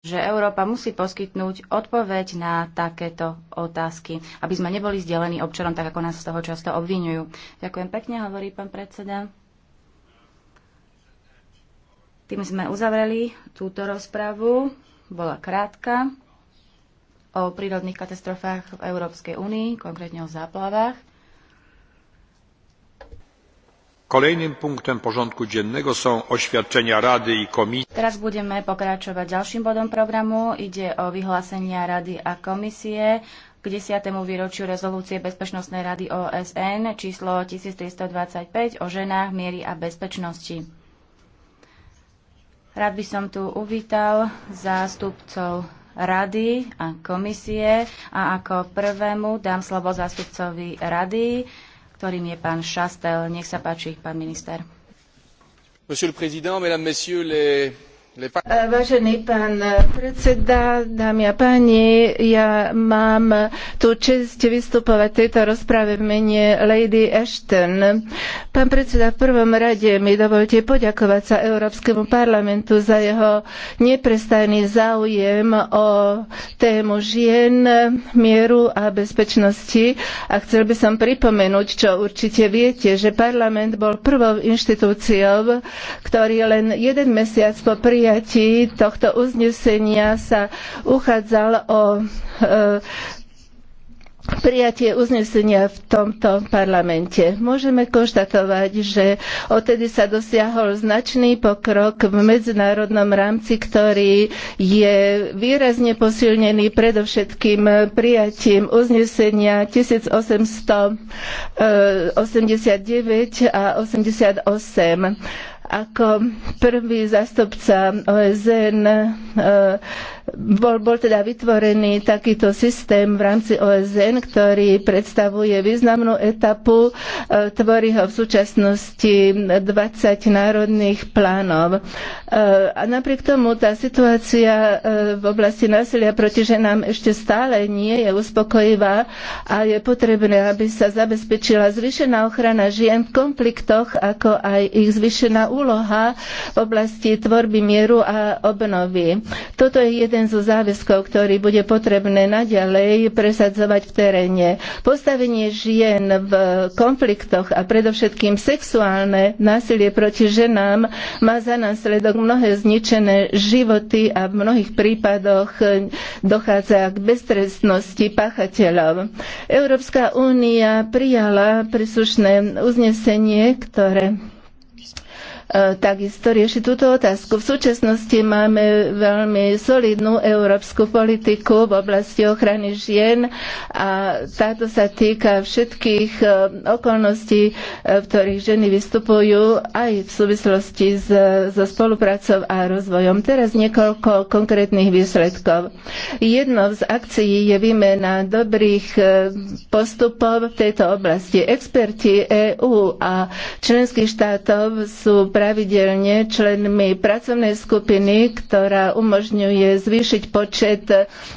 že Európa musí poskytnúť odpoveď na takéto otázky, aby sme neboli zdelení občanom, tak ako nás z toho často obvinujú. Ďakujem pekne, hovorí pán predseda. Tým sme uzavreli túto rozpravu. Bola krátka o prírodných katastrofách v Európskej únii, konkrétne o záplavách. Kolejnym punktem porządku dziennego są oświadczenia Rady i Komisji. Teraz budeme pokračovať ďalším bodom programu. Ide o vyhlásenia Rady a Komisie k 10. výročiu rezolúcie Bezpečnostnej rady OSN číslo 1325 o ženách, miery a bezpečnosti. Rád by som tu uvítal zástupcov rady a komisie a ako prvému dám slovo zástupcovi rady ktorým je pán Šastel. Nech sa páči, pán minister. Monsieur le président, mesdames, messieurs les Vážený pán predseda, dámy a páni, ja mám tú čest vystupovať v tejto rozprave v mene Lady Ashton. Pán predseda, v prvom rade mi dovolte poďakovať sa Európskemu parlamentu za jeho neprestajný záujem o tému žien, mieru a bezpečnosti. A chcel by som pripomenúť, čo určite viete, že parlament bol prvou inštitúciou, ktorý len jeden mesiac po prijatí prijatí tohto uznesenia sa uchádzal o e, prijatie uznesenia v tomto parlamente. Môžeme konštatovať, že odtedy sa dosiahol značný pokrok v medzinárodnom rámci, ktorý je výrazne posilnený predovšetkým prijatím uznesenia 1889 e, a 88 ako prvý zástupca OSN e, bol, bol teda vytvorený takýto systém v rámci OSN, ktorý predstavuje významnú etapu, e, tvorí ho v súčasnosti 20 národných plánov. E, a napriek tomu tá situácia e, v oblasti násilia proti ženám ešte stále nie je uspokojivá a je potrebné, aby sa zabezpečila zvýšená ochrana žien v konfliktoch, ako aj ich zvýšená úloha v oblasti tvorby mieru a obnovy. Toto je jeden konsenzu záväzkov, ktorý bude potrebné naďalej presadzovať v teréne. Postavenie žien v konfliktoch a predovšetkým sexuálne násilie proti ženám má za následok mnohé zničené životy a v mnohých prípadoch dochádza k beztrestnosti páchateľov. Európska únia prijala príslušné uznesenie, ktoré E, takisto rieši túto otázku. V súčasnosti máme veľmi solidnú európsku politiku v oblasti ochrany žien a táto sa týka všetkých e, okolností, e, v ktorých ženy vystupujú aj v súvislosti so spoluprácou a rozvojom. Teraz niekoľko konkrétnych výsledkov. Jednou z akcií je výmena dobrých postupov v tejto oblasti. Experti EÚ a členských štátov sú pravidelne členmi pracovnej skupiny, ktorá umožňuje zvýšiť počet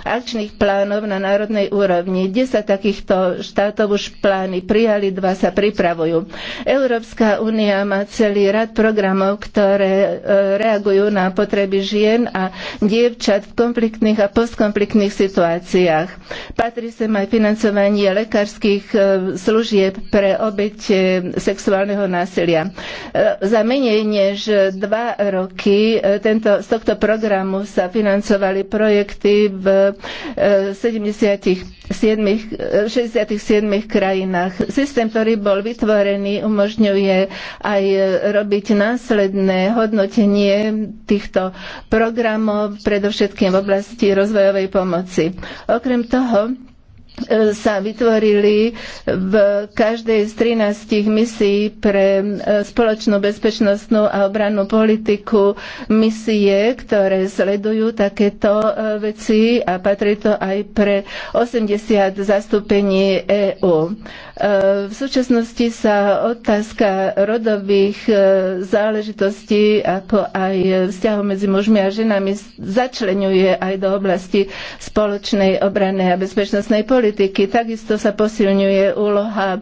akčných plánov na národnej úrovni. 10 takýchto štátov už plány prijali, dva sa pripravujú. Európska únia má celý rad programov, ktoré e, reagujú na potreby žien a dievčat v konfliktných a postkonfliktných situáciách. Patrí sem aj financovanie lekárskych e, služieb pre obete sexuálneho násilia. E, za menej menej než dva roky e, tento, z tohto programu sa financovali projekty v 77, e, 67 e, krajinách. Systém, ktorý bol vytvorený, umožňuje aj robiť následné hodnotenie týchto programov, predovšetkým v oblasti rozvojovej pomoci. Okrem toho, E, sa vytvorili v každej z 13 misií pre e, spoločnú bezpečnostnú a obrannú politiku misie, ktoré sledujú takéto e, veci a patrí to aj pre 80 zastúpení EÚ. E, v súčasnosti sa otázka rodových e, záležitostí, ako aj vzťahov medzi mužmi a ženami, začlenuje aj do oblasti spoločnej obrany a bezpečnostnej politiky. Takisto sa posilňuje úloha e,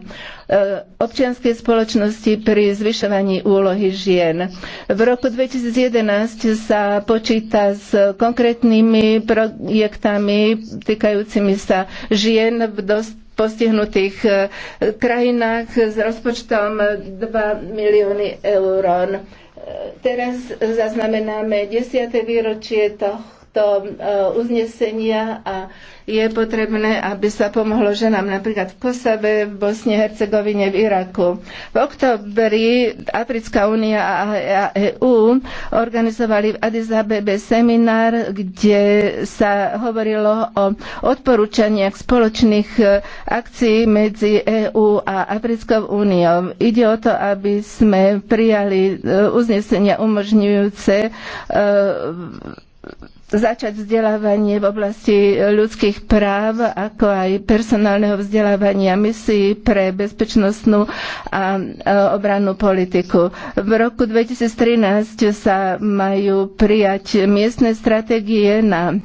občianskej spoločnosti pri zvyšovaní úlohy žien. V roku 2011 sa počíta s konkrétnymi projektami týkajúcimi sa žien v dosť postihnutých e, krajinách s rozpočtom 2 milióny eur. E, teraz zaznamenáme 10. výročie toho tohto e, uznesenia a je potrebné, aby sa pomohlo ženám napríklad v Kosabe, v Bosne, Hercegovine, v Iraku. V oktobri Africká únia a EU e organizovali v Addis Abebe seminár, kde sa hovorilo o odporúčaniach spoločných e, akcií medzi EU a Africkou úniou. Ide o to, aby sme prijali uznesenia umožňujúce začať vzdelávanie v oblasti ľudských práv, ako aj personálneho vzdelávania misií pre bezpečnostnú a obrannú politiku. V roku 2013 sa majú prijať miestne stratégie na e,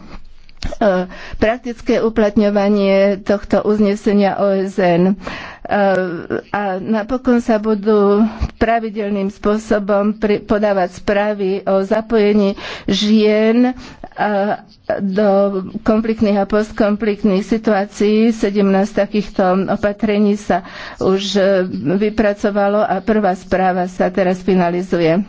praktické uplatňovanie tohto uznesenia OSN. Eh, a napokon sa budú pravidelným spôsobom podávať správy o zapojení žien eh, do konfliktných a postkonfliktných situácií. 17 takýchto opatrení sa už eh, vypracovalo a prvá správa sa teraz finalizuje.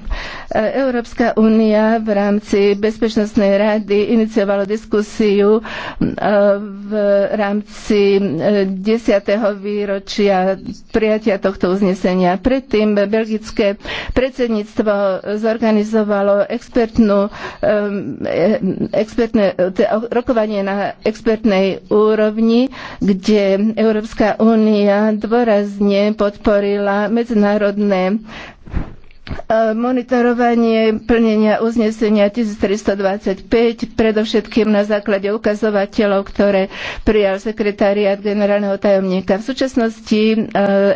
Európska únia v rámci Bezpečnostnej rady iniciovala diskusiu v rámci 10. výročia prijatia, prijatia tohto uznesenia. Predtým belgické predsedníctvo zorganizovalo expertnú, expertné, rokovanie na expertnej úrovni, kde Európska únia dôrazne podporila medzinárodné E, monitorovanie plnenia uznesenia 1325, predovšetkým na základe ukazovateľov, ktoré prijal sekretariat generálneho tajomníka. V súčasnosti e,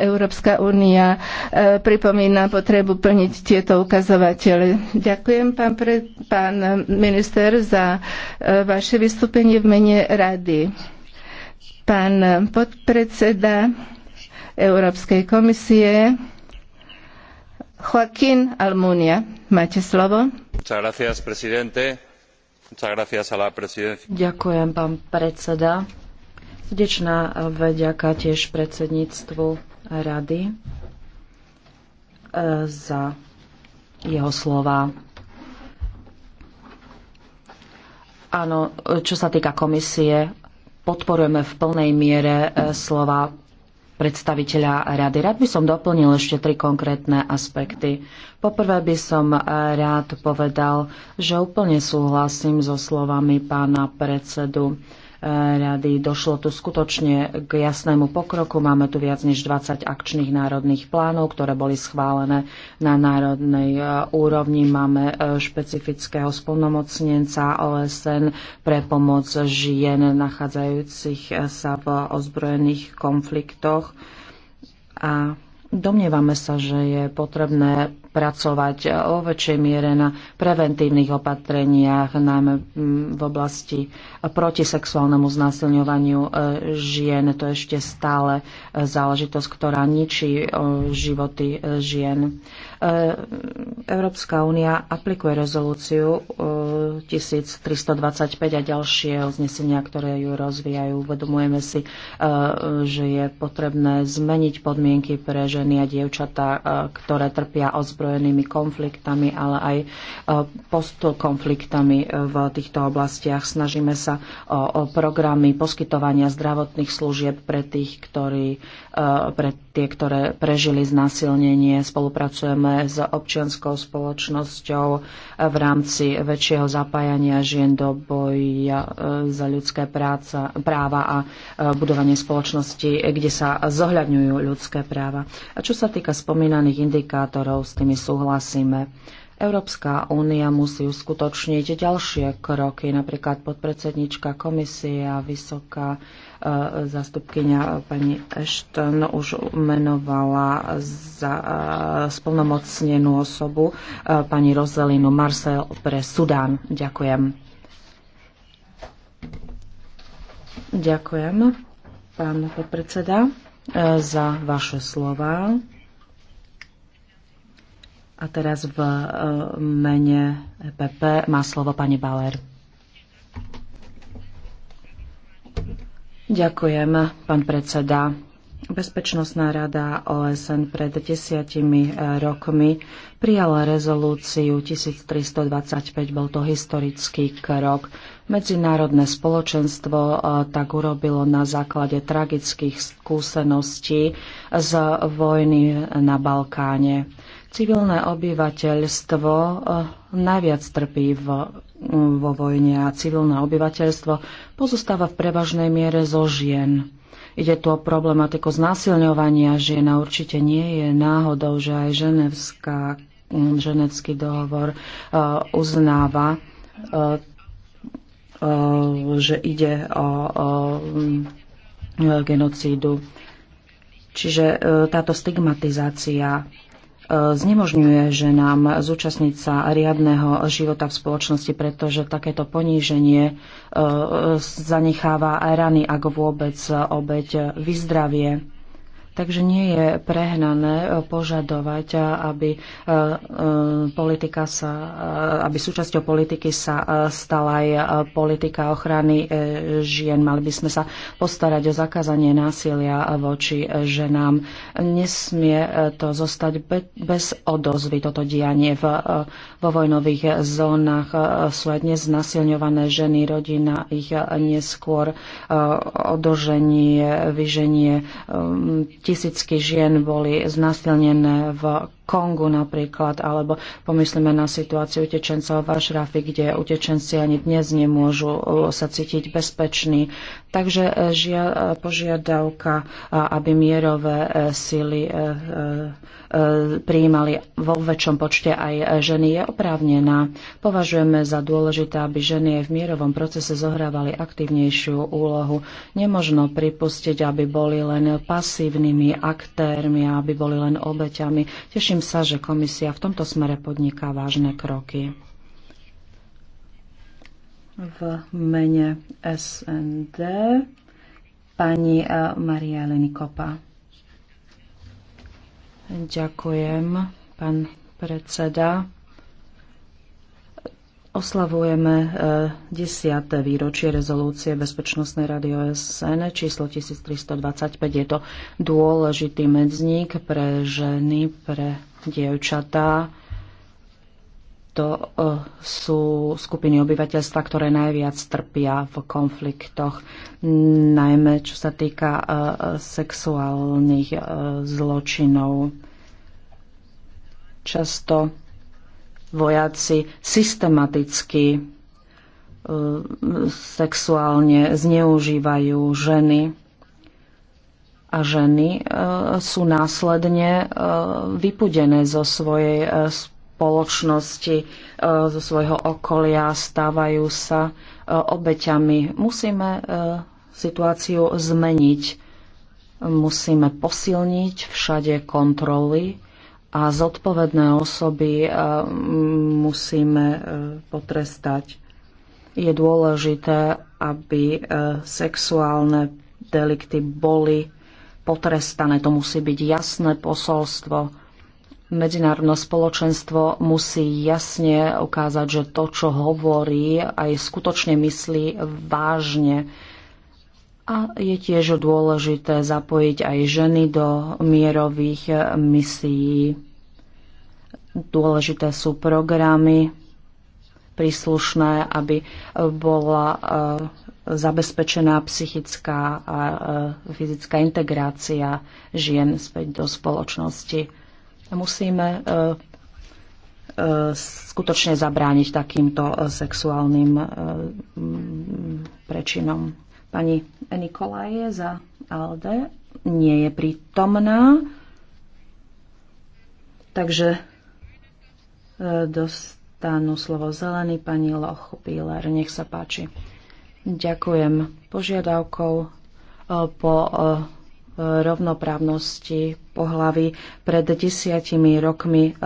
Európska únia e, pripomína potrebu plniť tieto ukazovatele. Ďakujem, pán, pre, pán minister, za vaše vystúpenie v mene rady. Pán podpredseda Európskej komisie, Joaquín Almunia, máte slovo. Ďakujem, pán predseda. Srdečná vďaka tiež predsedníctvu rady e, za jeho slova. Áno, čo sa týka komisie, podporujeme v plnej miere e, slova predstaviteľa rady. Rád by som doplnil ešte tri konkrétne aspekty. Poprvé by som eh, rád povedal, že úplne súhlasím so slovami pána predsedu eh, rady. Došlo tu skutočne k jasnému pokroku. Máme tu viac než 20 akčných národných plánov, ktoré boli schválené na národnej eh, úrovni. Máme špecifického spolnomocnenca OSN pre pomoc žien nachádzajúcich sa v ozbrojených konfliktoch. A Domnievame sa, že je potrebné pracovať e, o väčšej miere na preventívnych opatreniach, najmä mm, v oblasti proti sexuálnemu znásilňovaniu e, žien. To je ešte stále e, záležitosť, ktorá ničí životy žien. E, Európska únia aplikuje rezolúciu 1325 e, a ďalšie uznesenia, ktoré ju rozvíjajú. Uvedomujeme si, e, že je potrebné zmeniť podmienky pre ženy a dievčatá, ktoré trpia ozbrojenými konfliktami, ale aj postkonfliktami v týchto oblastiach. Snažíme sa o programy poskytovania zdravotných služieb pre tých, ktorí, pre tie, ktoré prežili znásilnenie. Spolupracujeme spolupracujeme s občianskou spoločnosťou v rámci väčšieho zapájania žien do boja e, za ľudské práca, práva a e, budovanie spoločnosti, kde sa zohľadňujú ľudské práva. A čo sa týka spomínaných indikátorov, s tými súhlasíme. Európska únia musí uskutočniť ďalšie kroky, napríklad podpredsednička komisie a vysoká e, zastupkynia e, pani Ashton už menovala za e, splnomocnenú osobu pani Rozelinu Marcel pre Sudán. Ďakujem. Ďakujem, pán podpredseda, za vaše slova. A teraz v e, mene EPP má slovo pani Bauer. Ďakujem, pán predseda. Bezpečnostná rada OSN pred desiatimi e, rokmi prijala rezolúciu 1325. Bol to historický krok. Medzinárodné spoločenstvo e, tak urobilo na základe tragických skúseností z vojny na Balkáne. Civilné obyvateľstvo eh, najviac trpí vo, mm, vo vojne a civilné obyvateľstvo pozostáva v prevažnej miere zo žien. Ide tu o problematiku znásilňovania žien a určite nie je náhodou, že aj ženevská, mm, ženevský dohovor eh, uznáva, eh, že ide o, o mm, genocídu. Čiže táto stigmatizácia E, znemožňuje ženám zúčastniť sa riadného života v spoločnosti, pretože takéto poníženie e, e, zanecháva aj rany, ako vôbec obeď vyzdravie. Takže nie je prehnané e, požadovať, e, aby e, politika sa, aby súčasťou politiky sa stala aj politika ochrany žien. Mali by sme sa postarať o zakázanie násilia voči ženám. Nesmie to zostať bez odozvy, toto dianie v, vo vojnových zónach. Sú aj dnes znasilňované ženy, rodina ich neskôr odoženie, vyženie tisícky žien boli znásilnené v Kongu napríklad, alebo pomyslíme na situáciu utečencov v Ašrafi, kde utečenci ani dnes nemôžu eh, sa cítiť bezpeční. Takže eh, žia, eh, požiadavka, aby mierové sily prijímali vo väčšom počte aj ženy, je oprávnená. Považujeme za dôležité, aby ženy aj v mierovom procese zohrávali aktívnejšiu úlohu. Nemožno pripustiť, aby boli len pasívnymi aktérmi, aby boli len obeťami. Teším Teším sa, že komisia v tomto smere podniká vážne kroky. V mene SND pani eh, Maria Lenikopa. Ďakujem, pán predseda. Oslavujeme 10. E, výročie rezolúcie Bezpečnostnej rady OSN číslo 1325. Je to dôležitý medzník pre ženy, pre dievčatá. To e, sú skupiny obyvateľstva, ktoré najviac trpia v konfliktoch, najmä čo sa týka e, sexuálnych zločinov. Často vojaci systematicky e, sexuálne zneužívajú ženy a ženy e, sú následne e, vypudené zo svojej spoločnosti, zo svojho okolia, stávajú sa obeťami. Musíme situáciu zmeniť. Musíme posilniť všade kontroly a zodpovedné osoby e, musíme e, potrestať. Je dôležité, aby e, sexuálne delikty boli potrestané. To musí byť jasné posolstvo. Medzinárodné spoločenstvo musí jasne ukázať, že to, čo hovorí, aj skutočne myslí vážne a je tiež dôležité zapojiť aj ženy do mierových misií. Dôležité sú programy príslušné, aby bola e, zabezpečená psychická a e, fyzická integrácia žien späť do spoločnosti. Musíme e, skutočne zabrániť takýmto sexuálnym prečinom. Pani Nikolaje za ALDE nie je prítomná, takže e, dostanú slovo zelený pani Loch Píler. Nech sa páči. Ďakujem. Požiadavkou e, po e, rovnoprávnosti pohlavy pred desiatimi rokmi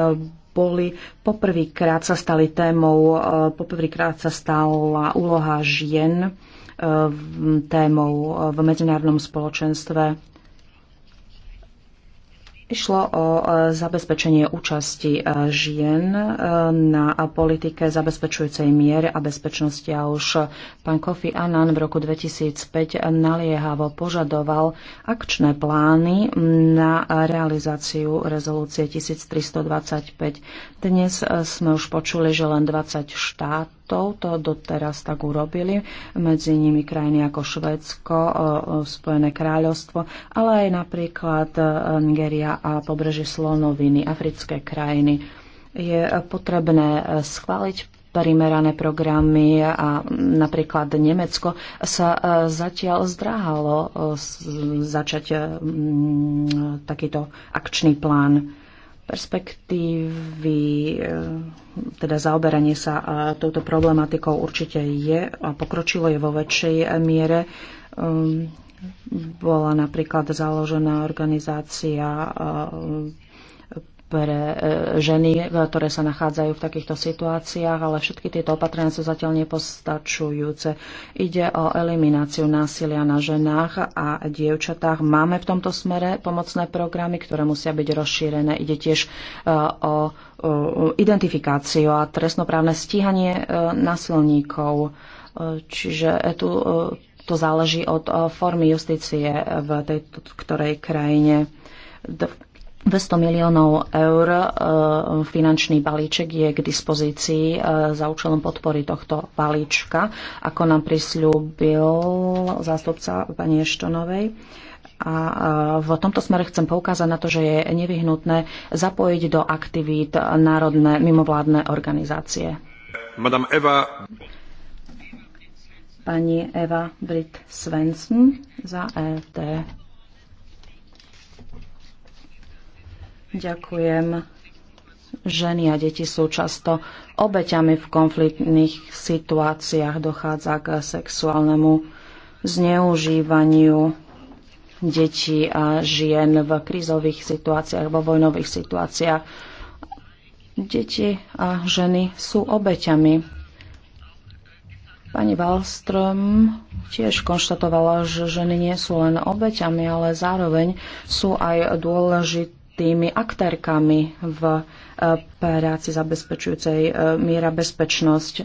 boli poprvýkrát sa stali témou, poprvýkrát sa stala úloha žien témou v medzinárodnom spoločenstve. Išlo o e, zabezpečenie účasti e, žien e, na politike zabezpečujúcej mier a bezpečnosti a už pán Kofi Annan v roku 2005 naliehavo požadoval akčné plány na realizáciu rezolúcie 1325. Dnes sme už počuli, že len 20 štát štátov to doteraz tak urobili, medzi nimi krajiny ako Švedsko, e, Spojené kráľovstvo, ale aj napríklad e, Nigeria a pobrežie Slonoviny, africké krajiny. Je potrebné e, schváliť primerané programy a napríklad Nemecko sa zatiaľ zdráhalo začať takýto akčný plán perspektívy, eh, teda zaoberanie sa eh, touto problematikou určite je a pokročilo je vo väčšej eh, miere. Ehm, bola napríklad založená organizácia pre e, ženy, e, ktoré sa nachádzajú v takýchto situáciách, ale všetky tieto opatrenia sú zatiaľ nepostačujúce. Ide o elimináciu násilia na ženách a dievčatách. Máme v tomto smere pomocné programy, ktoré musia byť rozšírené. Ide tiež e, o identifikáciu a trestnoprávne stíhanie násilníkov. Čiže tu to záleží od formy justície v tej ktorej krajine. 200 miliónov eur e, finančný balíček je k dispozícii e, za účelom podpory tohto balíčka, ako nám prisľúbil zástupca pani Eštonovej. A e, v tomto smere chcem poukázať na to, že je nevyhnutné zapojiť do aktivít národné mimovládne organizácie. Eva. Pani Eva Britt Svensson za EFD. Ďakujem. Ženy a deti sú často obeťami v konfliktných situáciách. Dochádza k sexuálnemu zneužívaniu detí a žien v krízových situáciách, vo vojnových situáciách. Deti a ženy sú obeťami. Pani Wallström tiež konštatovala, že ženy nie sú len obeťami, ale zároveň sú aj dôležité tými aktérkami v e, práci zabezpečujúcej e, miera bezpečnosť. E,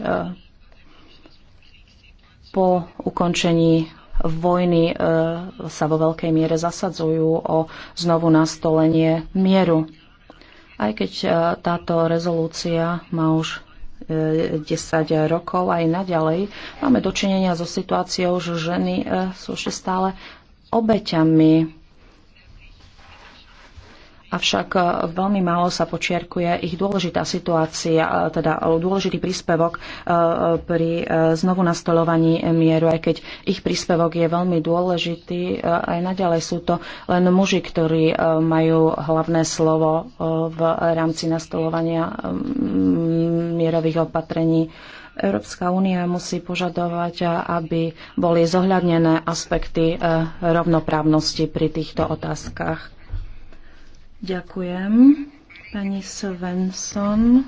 po ukončení vojny sa vo veľkej miere zasadzujú o znovu nastolenie mieru. Aj keď táto rezolúcia má už 10 rokov aj naďalej, máme dočinenia so situáciou, že ženy sú ešte stále obeťami avšak e, veľmi málo sa počiarkuje ich dôležitá situácia, e, teda dôležitý príspevok e, pri znovu nastolovaní mieru, aj keď ich príspevok je veľmi dôležitý. Aj naďalej sú to len muži, ktorí majú hlavné slovo v rámci nastolovania mierových opatrení. Európska únia musí požadovať, aby boli zohľadnené aspekty rovnoprávnosti pri týchto otázkach. Ďakujem. Pani Svensson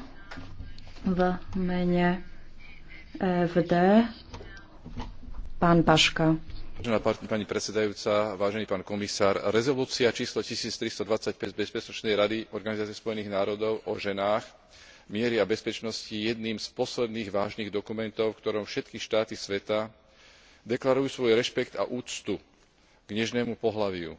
v mene EFD. Pán Paška. Vážená pani predsedajúca, vážený pán komisár, rezolúcia číslo 1325 z Bezpečnostnej rady Organizácie spojených národov o ženách miery a bezpečnosti jedným z posledných vážnych dokumentov v ktorom všetky štáty sveta deklarujú svoj rešpekt a úctu k nežnému pohlaviu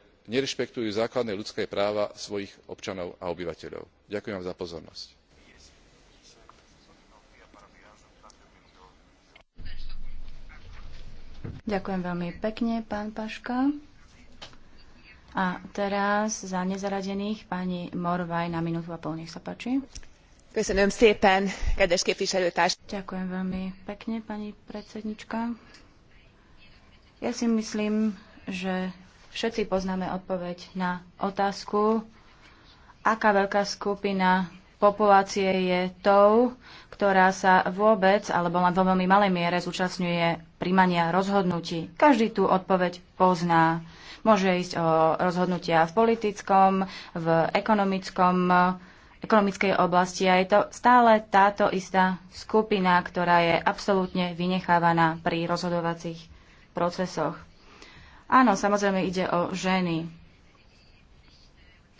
nerešpektujú základné ľudské práva svojich občanov a obyvateľov. ďakujem vám za pozornosť. Ďakujem veľmi pekne, pán Paška. A teraz za nezaradených pani Morvaj na minútu a pol, nech sa páči. Ďakujem veľmi pekne, pani predsednička. Ja si myslím, že Všetci poznáme odpoveď na otázku, aká veľká skupina populácie je tou, ktorá sa vôbec alebo len vo veľmi malej miere zúčastňuje príjmania rozhodnutí. Každý tú odpoveď pozná. Môže ísť o rozhodnutia v politickom, v ekonomickom, ekonomickej oblasti a je to stále táto istá skupina, ktorá je absolútne vynechávaná pri rozhodovacích procesoch. Áno, samozrejme ide o ženy.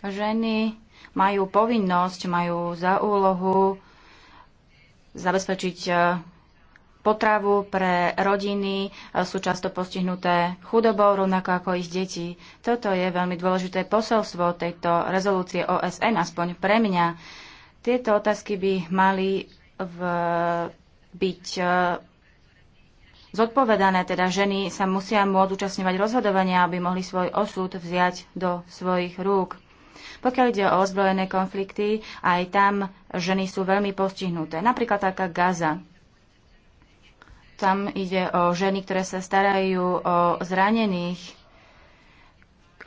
Ženy majú povinnosť, majú za úlohu zabezpečiť e, potravu pre rodiny, e, sú často postihnuté chudobou, rovnako ako ich deti. Toto je veľmi dôležité posolstvo tejto rezolúcie OSN, aspoň pre mňa. Tieto otázky by mali v, byť e, zodpovedané, teda ženy sa musia môcť účastňovať rozhodovania, aby mohli svoj osud vziať do svojich rúk. Pokiaľ ide o ozbrojené konflikty, aj tam ženy sú veľmi postihnuté. Napríklad taká Gaza. Tam ide o ženy, ktoré sa starajú o zranených,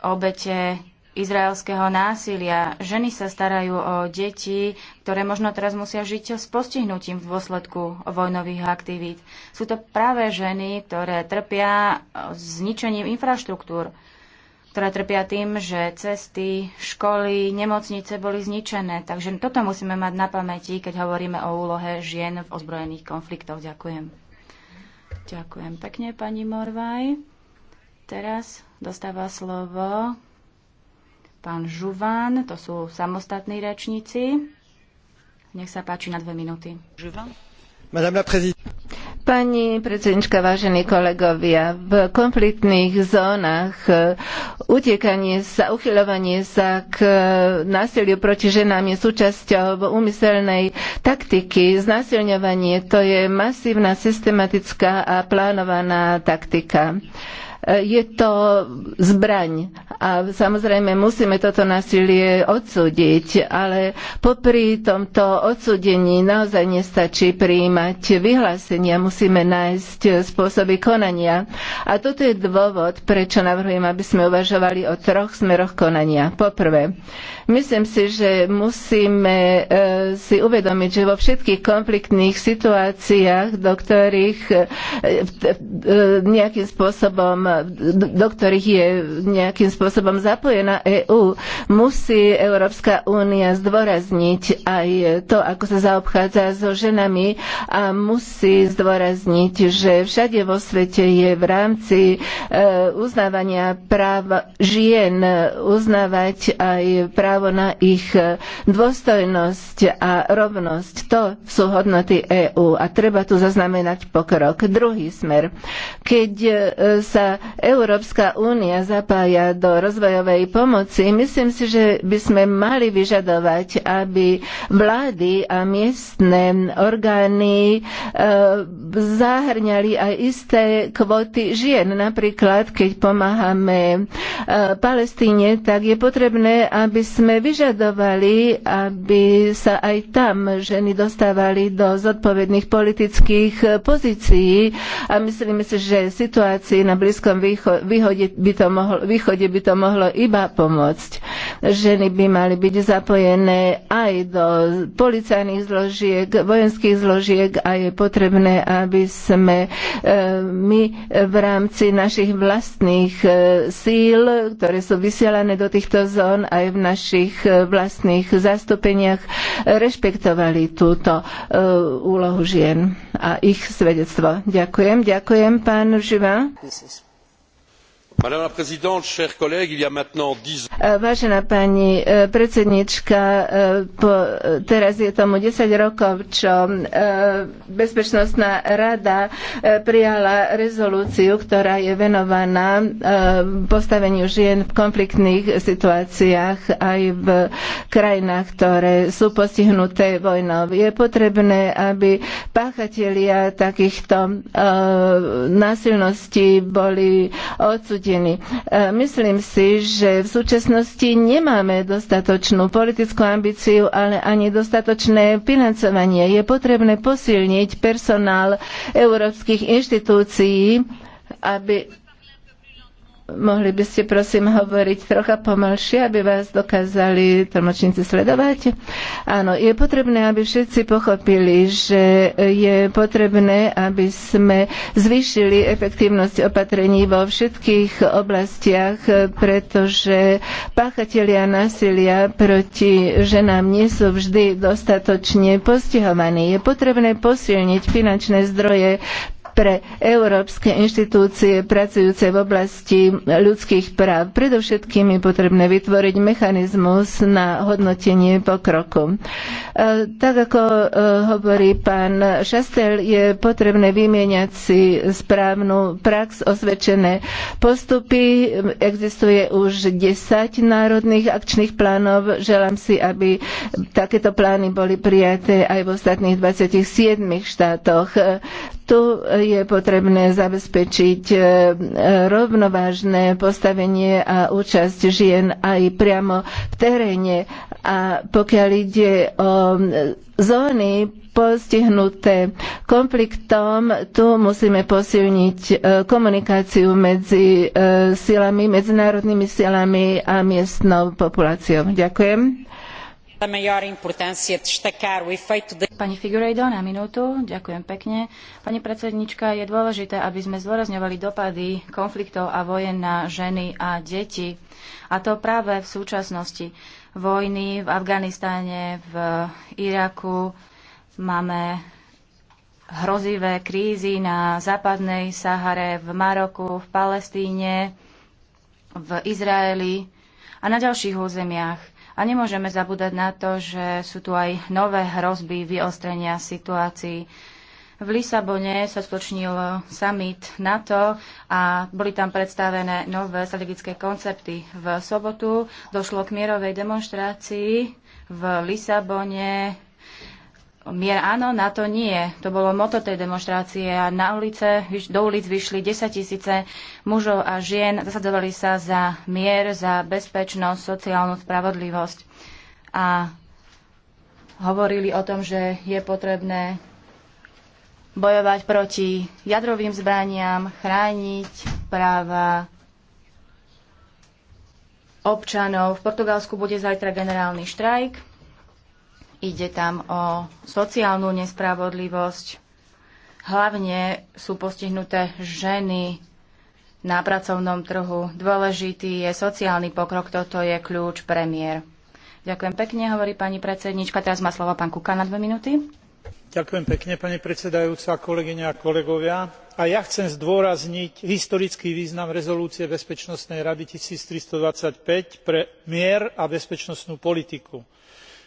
obete izraelského násilia. Ženy sa starajú o deti, ktoré možno teraz musia žiť s postihnutím v dôsledku vojnových aktivít. Sú to práve ženy, ktoré trpia e, zničením infraštruktúr, ktoré trpia tým, že cesty, školy, nemocnice boli zničené. Takže toto musíme mať na pamäti, keď hovoríme o úlohe žien v ozbrojených konfliktoch. Ďakujem. Ďakujem pekne, pani Morvaj. Teraz dostáva slovo pán Žuvan, to sú samostatní rečníci. Nech sa páči na dve minúty. Žuvan. Madame la présidente. Pani predsednička, vážení kolegovia, v konfliktných zónach e, utekanie sa, uchyľovanie sa k e, násiliu proti ženám je súčasťou úmyselnej taktiky. Znásilňovanie to je masívna, systematická a plánovaná taktika je to zbraň a samozrejme musíme toto násilie odsúdiť, ale popri tomto odsúdení naozaj nestačí prijímať vyhlásenia, musíme nájsť spôsoby konania. A toto je dôvod, prečo navrhujem, aby sme uvažovali o troch smeroch konania. Poprvé, myslím si, že musíme e, si uvedomiť, že vo všetkých konfliktných situáciách, do ktorých e, e, nejakým spôsobom do ktorých je nejakým spôsobom zapojená EÚ. Musí Európska únia zdôrazniť aj to, ako sa zaobchádza so ženami a musí zdôrazniť, že všade vo svete je v rámci e, uznávania práv žien e, uznávať aj právo na ich e, dôstojnosť a rovnosť. To sú hodnoty EÚ a treba tu zaznamenať pokrok. Druhý smer. Keď sa Európska únia zapája do rozvojovej pomoci, myslím si, že by sme mali vyžadovať, aby vlády a miestne orgány e, zahrňali aj isté kvóty žien. Napríklad, keď pomáhame e, Palestíne, tak je potrebné, aby sme vyžadovali, aby sa aj tam ženy dostávali do zodpovedných politických eh, pozícií. A myslím si, že situácii na Blízkom Blízkom východe by to mohlo, východe by to mohlo iba pomôcť. Ženy by mali byť zapojené aj do policajných zložiek, vojenských zložiek a je potrebné, aby sme e, my v rámci našich vlastných e, síl, ktoré sú vysielané do týchto zón aj v našich e, vlastných zastúpeniach, rešpektovali túto úlohu žien a ich svedectvo. Ďakujem, ďakujem pán Živa. Eh, vážená pani eh, predsedníčka eh, teraz je tomu ten rokov, čo Bezpečnostná rada prijala rezolúciu, ktorá je venovaná postaveniu žien v konfliktných situáciách aj v krajinách, ktoré sú postihnuté vojnou. Je potrebné, aby páchatelia takýchto násilností boli odsúdení rodiny. E, myslím si, že v súčasnosti nemáme dostatočnú politickú ambíciu, ale ani dostatočné financovanie. Je potrebné posilniť personál európskych inštitúcií, aby Mohli by ste prosím hovoriť trocha pomalšie, aby vás dokázali tlmočníci sledovať? Áno, je potrebné, aby všetci pochopili, že je potrebné, aby sme zvýšili efektívnosť opatrení vo všetkých oblastiach, pretože páchatelia násilia proti ženám nie sú vždy dostatočne postihovaní. Je potrebné posilniť finančné zdroje pre európske inštitúcie pracujúce v oblasti ľudských práv. Predovšetkým je potrebné vytvoriť mechanizmus na hodnotenie pokroku. E, tak ako e, hovorí pán Šastel, je potrebné vymieňať si správnu prax, osvedčené postupy. Existuje už 10 národných akčných plánov. Želám si, aby takéto plány boli prijaté aj v ostatných 27 štátoch. Tu je potrebné zabezpečiť e, e, rovnovážne postavenie a účasť žien aj priamo v teréne. A pokiaľ ide o e, zóny postihnuté konfliktom, tu musíme posilniť komunikáciu medzi silami, medzinárodnými silami a miestnou populáciou. Ďakujem. Pani predsedníčka na minútu. Ďakujem pekne. Pani je dôležité, aby sme zdôrazňovali dopady konfliktov a vojen na ženy a deti. A to práve v súčasnosti. Vojny v Afganistane, v Iraku, máme hrozivé krízy na západnej Sahare, v Maroku, v Palestíne, v Izraeli a na ďalších územiach a nemôžeme zabúdať na to, že sú tu aj nové hrozby vyostrenia situácií. V Lisabone sa spočnil summit NATO a boli tam predstavené nové strategické koncepty. V sobotu došlo k mierovej demonstrácii v Lisabone Mier áno, na to nie. To bolo moto tej demonstrácie a na ulice, do ulic vyšli 10 tisíce mužov a žien, zasadzovali sa za mier, za bezpečnosť, sociálnu spravodlivosť a hovorili o tom, že je potrebné bojovať proti jadrovým zbraniam, chrániť práva občanov. V Portugalsku bude zajtra generálny štrajk Ide tam o sociálnu nespravodlivosť. Hlavne sú postihnuté ženy na pracovnom trhu. Dôležitý je sociálny pokrok, toto je kľúč premiér. Ďakujem pekne, hovorí pani predsednička. Teraz má slovo pán Kuka na dve minúty. Ďakujem pekne, pani predsedajúca, kolegyne a kolegovia. A ja chcem zdôrazniť historický význam rezolúcie Bezpečnostnej rady 1325 pre mier a bezpečnostnú politiku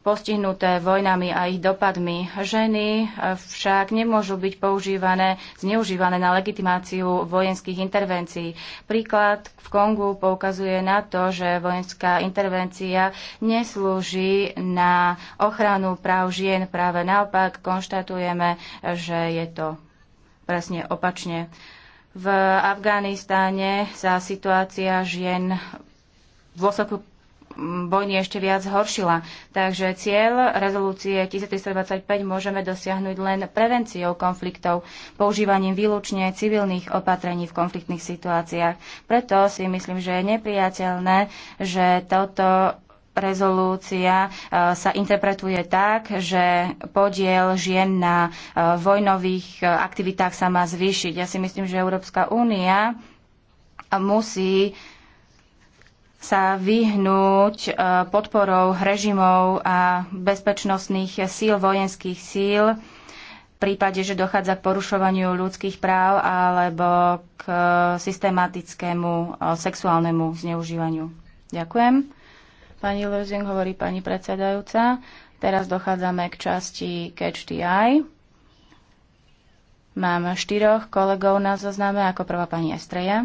postihnuté vojnami a ich dopadmi. Ženy e, však nemôžu byť používané, zneužívané na legitimáciu vojenských intervencií. Príklad v Kongu poukazuje na to, že vojenská intervencia neslúži na ochranu práv žien. Práve naopak konštatujeme, že je to presne opačne. V Afganistáne sa situácia žien v dôsledku vojny ešte viac horšila. Takže cieľ rezolúcie 1325 môžeme dosiahnuť len prevenciou konfliktov, používaním výlučne civilných opatrení v konfliktných situáciách. Preto si myslím, že je nepriateľné, že toto rezolúcia e, sa interpretuje tak, že podiel žien na e, vojnových e, aktivitách sa má zvýšiť. Ja si myslím, že Európska únia musí sa vyhnúť e, podporou režimov a bezpečnostných síl, vojenských síl, v prípade, že dochádza k porušovaniu ľudských práv alebo k e, systematickému e, sexuálnemu zneužívaniu. Ďakujem. Pani Lozing hovorí pani predsedajúca. Teraz dochádzame k časti Catch the Eye. Mám štyroch kolegov na zozname, ako prvá pani Estreja.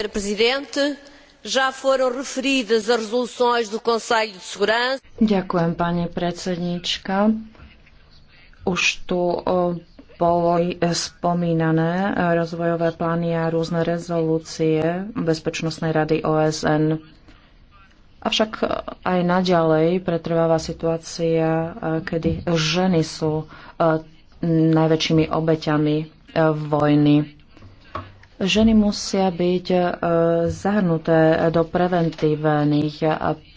Prezident, Já foram referidas as resoluções do Conselho de Segurança. Ďakujem, pani predsednička. Už tu boli e, spomínané e, rozvojové plány a rôzne rezolúcie Bezpečnostnej rady OSN. Avšak e, aj naďalej pretrváva situácia, kedy ženy sú najväčšími obeťami vojny Ženy musia byť e, zahrnuté do preventívnych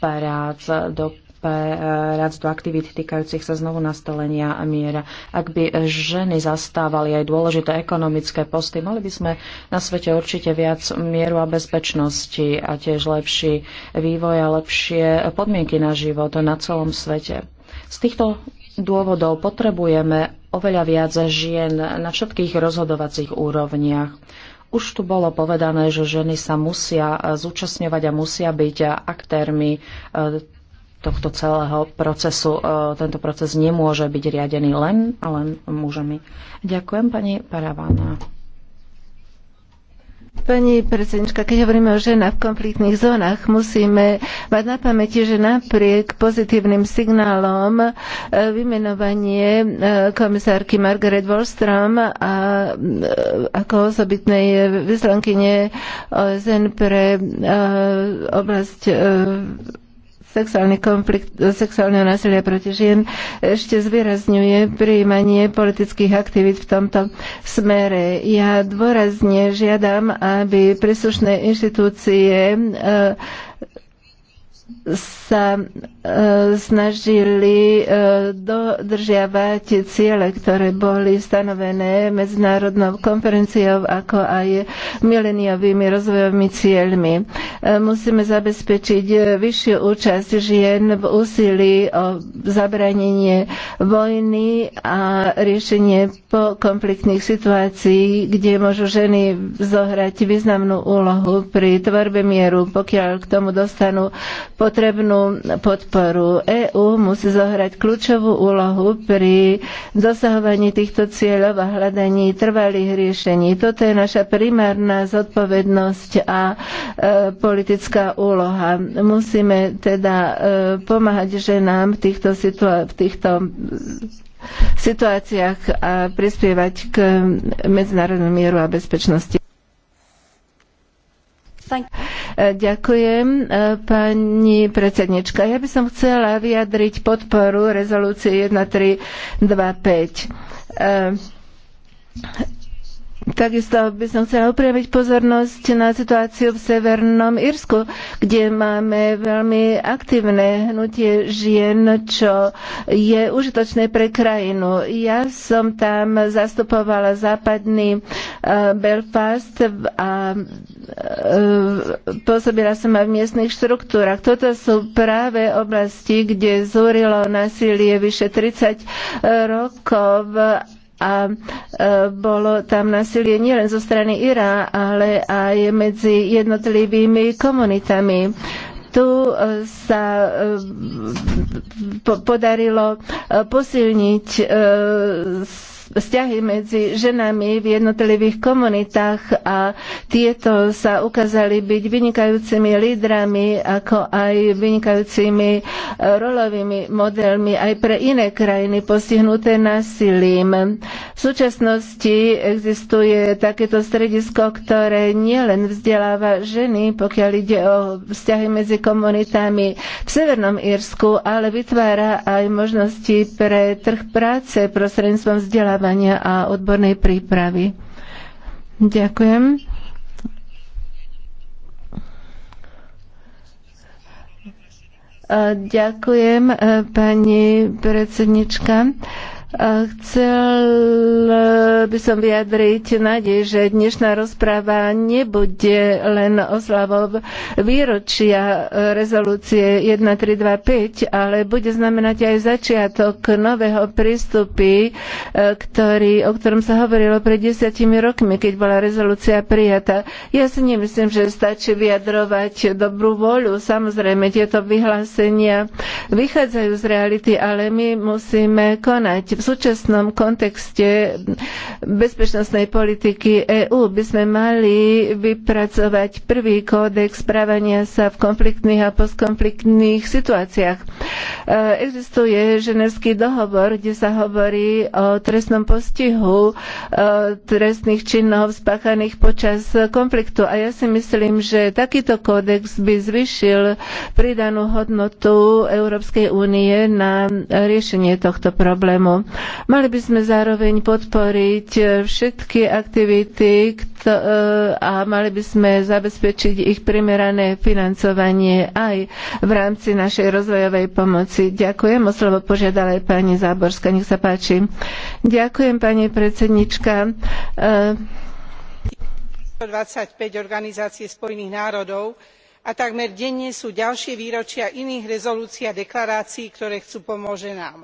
prác, do prác, do aktivít týkajúcich sa znovu nastolenia a miera. Ak by ženy zastávali aj dôležité ekonomické posty, mali by sme na svete určite viac mieru a bezpečnosti a tiež lepší vývoj a lepšie podmienky na život na celom svete. Z týchto dôvodov potrebujeme oveľa viac žien na všetkých rozhodovacích úrovniach. Už tu bolo povedané, že ženy sa musia e, zúčastňovať a musia byť e, aktérmi e, tohto celého procesu. Tento proces nemôže byť riadený len a len mužami. Ďakujem pani Paravána. Pani predsednička, keď hovoríme o ženách v konfliktných zónach, musíme mať na pamäti, že napriek pozitívnym signálom e, vymenovanie e, komisárky Margaret Wallström a e, ako osobitnej vyslankyne OSN pre oblasť sexuálny konflikt, sexuálneho násilia proti žien ešte zvýrazňuje prijímanie politických aktivít v tomto smere. Ja dôrazne žiadam, aby príslušné inštitúcie e, sa e, snažili e, dodržiavať ciele, ktoré boli stanovené medzinárodnou konferenciou, ako aj mileniovými rozvojovými cieľmi. E, musíme zabezpečiť vyššiu účasť žien v úsilí o zabranenie vojny a riešenie pokonfliktných situácií, kde môžu ženy zohrať významnú úlohu pri tvorbe mieru, pokiaľ k tomu dostanú potrebnú podporu. EÚ musí zohrať kľúčovú úlohu pri dosahovaní týchto cieľov a hľadaní trvalých riešení. Toto je naša primárna zodpovednosť a e, politická úloha. Musíme teda e, pomáhať ženám v týchto, situá- v týchto situáciách a prispievať k medzinárodnému mieru a bezpečnosti. E, ďakujem, e, pani predsednička. Ja by som chcela vyjadriť podporu rezolúcie 1325. E, takisto by som chcela upriamiť pozornosť na situáciu v Severnom Írsku, kde máme veľmi aktívne hnutie žien, čo je užitočné pre krajinu. Ja som tam zastupovala západný Belfast a E, pôsobila som aj v miestnych štruktúrach. Toto sú práve oblasti, kde zúrilo násilie vyše 30 rokov a e, bolo tam násilie nielen zo strany Ira, ale aj medzi jednotlivými komunitami tu e, sa podarilo posilniť vzťahy medzi ženami v jednotlivých komunitách a tieto sa ukázali byť vynikajúcimi lídrami, ako aj vynikajúcimi e, rolovými modelmi aj pre iné krajiny postihnuté násilím. V súčasnosti existuje takéto stredisko, ktoré nielen vzdeláva ženy, pokiaľ ide o vzťahy medzi komunitami v Severnom Írsku, ale vytvára aj možnosti pre trh práce prostredníctvom vzdelávania vzdelávania a odbornej prípravy. Ďakujem. Ďakujem, e, pani predsednička. Chcel e, by som vyjadriť nádej, že dnešná rozpráva nebude len oslavou výročia e, rezolúcie 1325, ale bude znamenať aj začiatok nového prístupy, e, ktorý, o ktorom sa hovorilo pred desiatimi rokmi, keď bola rezolúcia prijatá. Ja si nemyslím, že stačí vyjadrovať dobrú voľu. Samozrejme, tieto vyhlásenia vychádzajú z reality, ale my musíme konať v súčasnom kontexte bezpečnostnej politiky EÚ by sme mali vypracovať prvý kódex správania sa v konfliktných a postkonfliktných situáciách. E, existuje ženevský dohovor, kde sa hovorí o trestnom postihu e, trestných činov spáchaných počas konfliktu a ja si myslím, že takýto kódex by zvyšil pridanú hodnotu Európskej únie na riešenie tohto problému. Mali by sme zároveň podporiť e, všetky aktivity e, a mali by sme zabezpečiť ich primerané financovanie aj v rámci našej rozvojovej pomoci. Ďakujem. O slovo požiadala aj pani Záborská. Nech sa páči. Ďakujem, pani predsednička. 25 e, organizácie Spojených národov a takmer denne sú ďalšie výročia iných rezolúcií a deklarácií ktoré chcú pomôcť ženám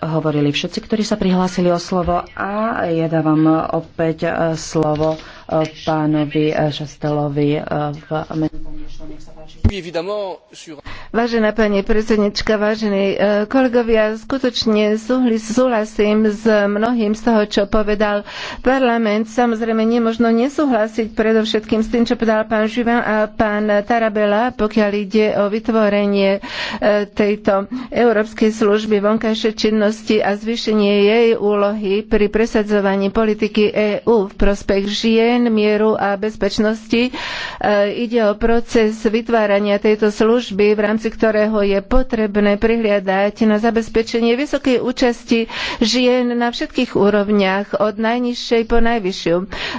hovorili všetci, ktorí sa prihlásili o slovo a ja dávam opäť eh, slovo pánovi eh, Šastelovi eh, v Vážená pani predsednička, vážení eh, kolegovia, skutočne súhlasím s mnohým z toho, čo povedal parlament. Samozrejme, nemožno nesúhlasiť predovšetkým s tým, čo povedal pán Živan a pán Tarabela, pokiaľ ide o vytvorenie tejto Európskej služby vonkajšej činnosti a zvýšenie jej úlohy pri presadzovaní politiky EÚ v prospech žien žien, mieru a bezpečnosti. E, ide o proces vytvárania tejto služby, v rámci ktorého je potrebné prihliadať na zabezpečenie vysokej účasti žien na všetkých úrovniach, od najnižšej po najvyššiu.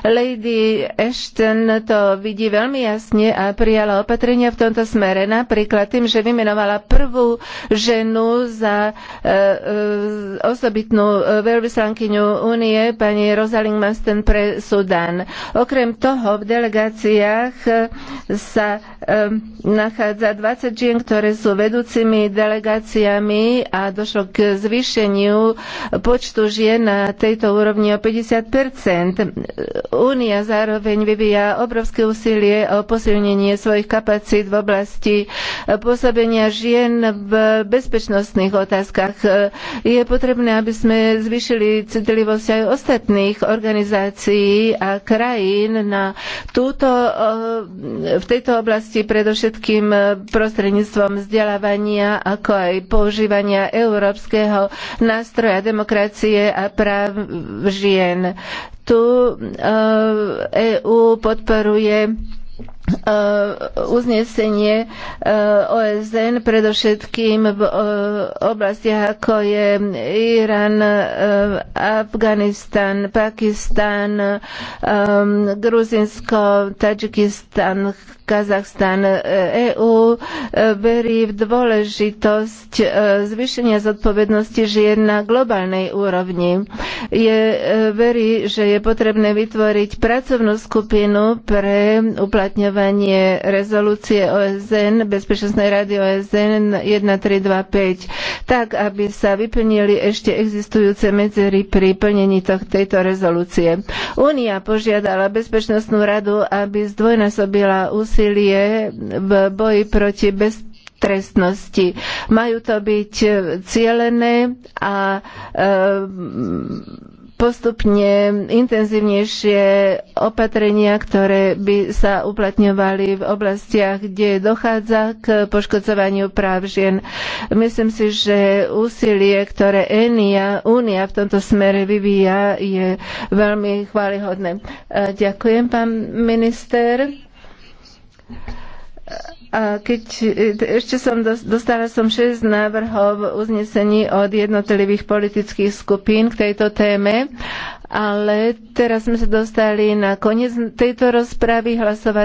Lady Ashton to vidí veľmi jasne a prijala opatrenia v tomto smere, napríklad tým, že vymenovala prvú ženu za e, e, osobitnú veľvyslankyňu únie, pani Rosalind Masten pre Sudán. Okrem toho v delegáciách e, sa e, nachádza 20 žien, ktoré sú vedúcimi delegáciami a došlo k zvýšeniu počtu žien na tejto úrovni o 50 Únia zároveň vyvíja obrovské úsilie o posilnenie svojich kapacít v oblasti pôsobenia žien v bezpečnostných otázkach. Je potrebné, aby sme zvýšili citlivosť aj ostatných organizácií a krajín, krajín na túto, eh, v tejto oblasti predovšetkým eh, prostredníctvom vzdelávania, ako aj používania európskeho nástroja demokracie a práv žien. Tu EÚ eh, e podporuje Eh, uznesenie eh, OSN predovšetkým v eh, oblastiach ako je Irán, Afganistan, Pakistan, Gruzinsko, Tadžikistan, Kazachstan. EÚ e verí v dôležitosť zvýšenia zodpovednosti žien na globálnej úrovni. Je, verí, že je potrebné vytvoriť pracovnú skupinu pre uplatňovanie uplatňovanie rezolúcie OSN, Bezpečnostnej rady OSN 1325, tak, aby sa vyplnili ešte existujúce medzery pri plnení tejto rezolúcie. Únia požiadala Bezpečnostnú radu, aby zdvojnásobila úsilie v boji proti bezpečnosti trestnosti. Majú to byť cielené a e, postupne intenzívnejšie opatrenia, ktoré by sa uplatňovali v oblastiach, kde dochádza k poškodzovaniu práv žien. Myslím si, že úsilie, ktoré Enia, Únia v tomto smere vyvíja, je veľmi chválihodné. E, ďakujem, pán minister keď e, ešte som dostala som 6 návrhov uznesení od jednotlivých politických skupín k tejto téme, ale teraz sme sa dostali na koniec tejto rozpravy hlasovať